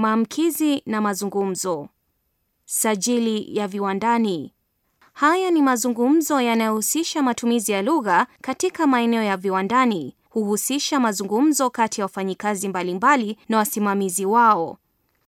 maamkizi na mazungumzo. Sajili ya viwandani. Haya ni mazungumzo yanayohusisha matumizi ya lugha katika maeneo ya viwandani. Huhusisha mazungumzo kati ya wafanyikazi mbalimbali na wasimamizi wao.